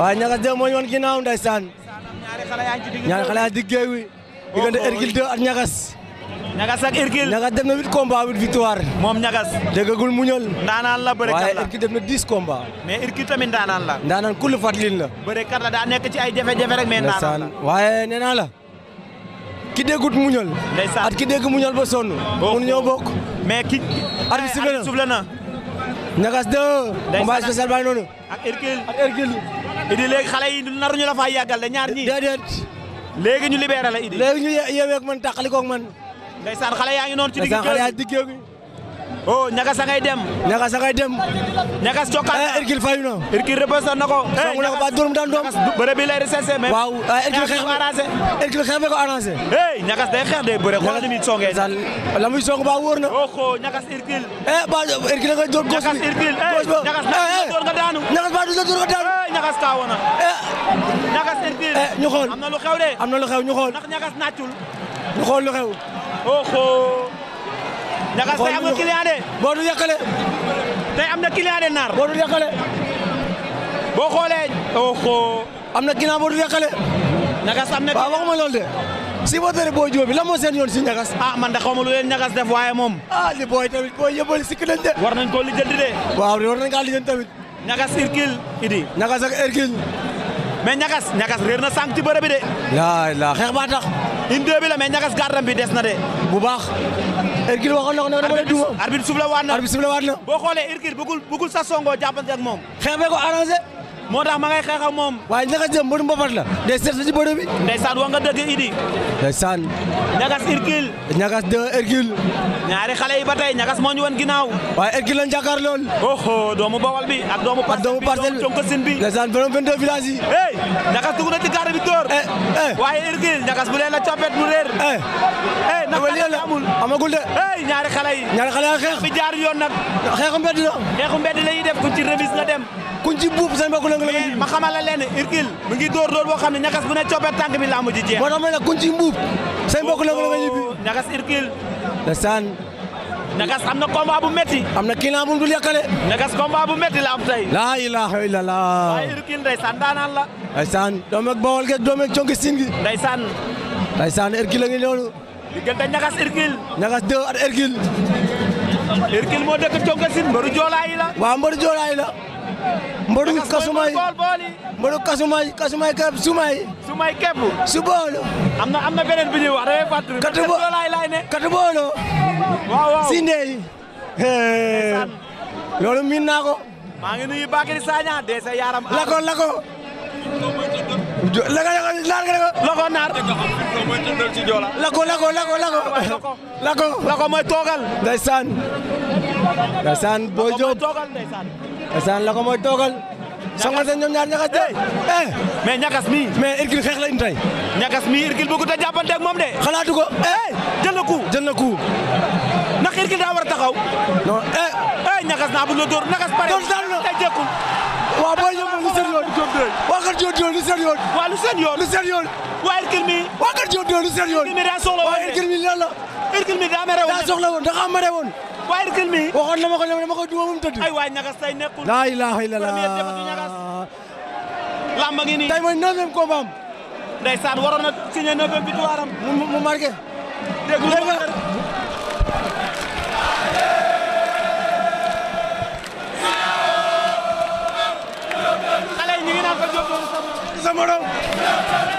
waaw ñagas deux moo ñu woon ginnaaw ndeysaan ñaari xale yaa diggéey wi diggante Hercule 2 ak ñagas ñagas ak Hercule ñagas def na huit moom ñagas déggagul muñal ndaanaan la bërekat la waaye Hercule def na mais tamit ndaanaan la ndaanaan fatlin la bërekat la daa nekk ay jafe-jafe rek la waaye nee naa la ki déggut muñal at ki dégg muñal ba sonn mun ñoo bokk mais ki at ñagas deux Idi léegi xale yi naruñu la faa yàggal de ñaar ñii. déedéet. léegi ñu libéré la Idi. léegi ñu yeeweeg man taxali koog man. ndeysaan xale yaa ngi noonu ci digg. ndeysaan xale yaa digg oh ñagas a ngay dem. ñagas a ngay dem. ñagas cokkaat eh, na Hercule fayu na. Hercule repoussé na ko. song eh, na ko ba dóorum daan doom. bëre bi lay recessé mais. waaw eh, Hercule xeex ko arrangé. Hercule xeex ko arrangé. hey ñagas day xeex day bëre xoolal ni muy songee. la muy song ba wóor na. oh ñagas Hercule. eh ba Hercule nga dóor gos bi. na. ñagas ñu xool am na lu xew ñu xool. ñu xool lu xew. ñagas tey am na client de. boo du yàqale. tey am na client naar. boo du yàqale. boo xoolee. oho. am na ginnaaw boo du yàqale. ñagas am na. waaw waxuma loolu de. si botere boo joobi la moo seen yoon si ñagas. a ah, man de xaw ma lu leen ñagas def waaye moom. ah li booy tamit booy yëppal sikki nañ de. war nañ koo lijjanti de. waaw war nañ kaa lijjanti tamit. ñagas Hercule idi ñagas ak Hercule mais ñagas ñagas réer na sànq ci bërëb bi de. laa la xeex baa tax. une deux bi la mais ñagas gardam bi des na de bu baax waxoon na ko ne dama la duma arbitre suuf la waat na boo xoolee Hercule bëggul bëggul sa songoo jàppante ak moom xeex bee ko moo tax ma ngay xeex moom. waaye ñaka jëm mbëru mbapat la day seet si bëri bi. ndeysaan wax nga dëgg Idi. ndeysaan. ñagas Hercule. ñagas de Hercule. ñaari xale yi ba tey ñagas moo ñu wan ginnaaw. waaye Hercule lañ jàkkaar lool. oh doomu Bawol bi bi doomu Jokalante bi. ndeysaan borom 22 villages yi. hey ñagas dugg na ci gàddu bi door. waaye Hercule ñagas bu leen la coppet mu réer. Eh. hey naka la amul amagul de. hey ñaari xale yi. ñaari xale yi bi jaar yoon nag. xeexu mbedd la. xeexu la ñuy def ku ci remise nga dem. ku ci buub seen mbokk mais ma xamal la leen Hercule mu ngi dóor dóor boo xam ne ñagas bu ne coppet tànk bi làmb ji jeex. moo tax ma ne kuñ ci mbuub. say mbokk la nga la ñibbi. Oh, ñagas Hercule. ndeysaan. ñagas am na combat bu metti am na client bu mu dul ñagas combat bu metti la am tey. laa ilaaha illallah. waaye Hercule ndeysaan daanaan la. ndeysaan doom ak bawol gi. ndeysaan. ndeysaan Hercule a ngi noonu. diggante ñagas Hercule. ñagas deux at Hercule. Hercule moo dëkk conki siin mbaru joolaa yi la. waaw mbaru joolaa yi mbaɗum kasumay mbaɗu kasumay kasumay kep sumay sumay kep suboolo am na am na beneen bi ñuy wax dañuy fàttali katu bo laay laay ne katu boolo waaw waaw si ndeey loolu miin naa ko maa ngi nuyu Bakary Sagna de sa yaram lako lako lako lako naar lako lako lako lako lako lako mooy toogal ndeysaan ndeysaan boo jóob a la ko mooy toogal. sangal seen ñoom ñaar ñakas de. mais ñakas mi mais Hercule xeex la indi tey. ñakas mi Hercule bëggut a jàppante ak moom de. xalaatu ko. jël na coup jël na coup. ndax Hercule daa war a taxaw. non eh. ñakas naa bu la door ñakas pare. doon daan la tey jekkul. waaw booy ñëw moom lu seen yoon. waa kat joo joo lu seen waa lu seen yoon. lu seen waa Hercule mi. waa kat joo joo lu seen yoon. Hercule mi daa soxla woon de. Hercule mi daa mere woon daa soxla woon daa mere woon. waaye Hercule mi. waxoon na ma ko ñoom dama ko duma mu tëdd. ay waay ñagas tey nekkul. laa ilaaha illallah. lamba ngi nii tey mooy neuvième combat am. ndeysaan waroon na signé neuvième victoire am. mu mu marqué. dégg nga xale yi ñu ngi naan ko jóg sama morom.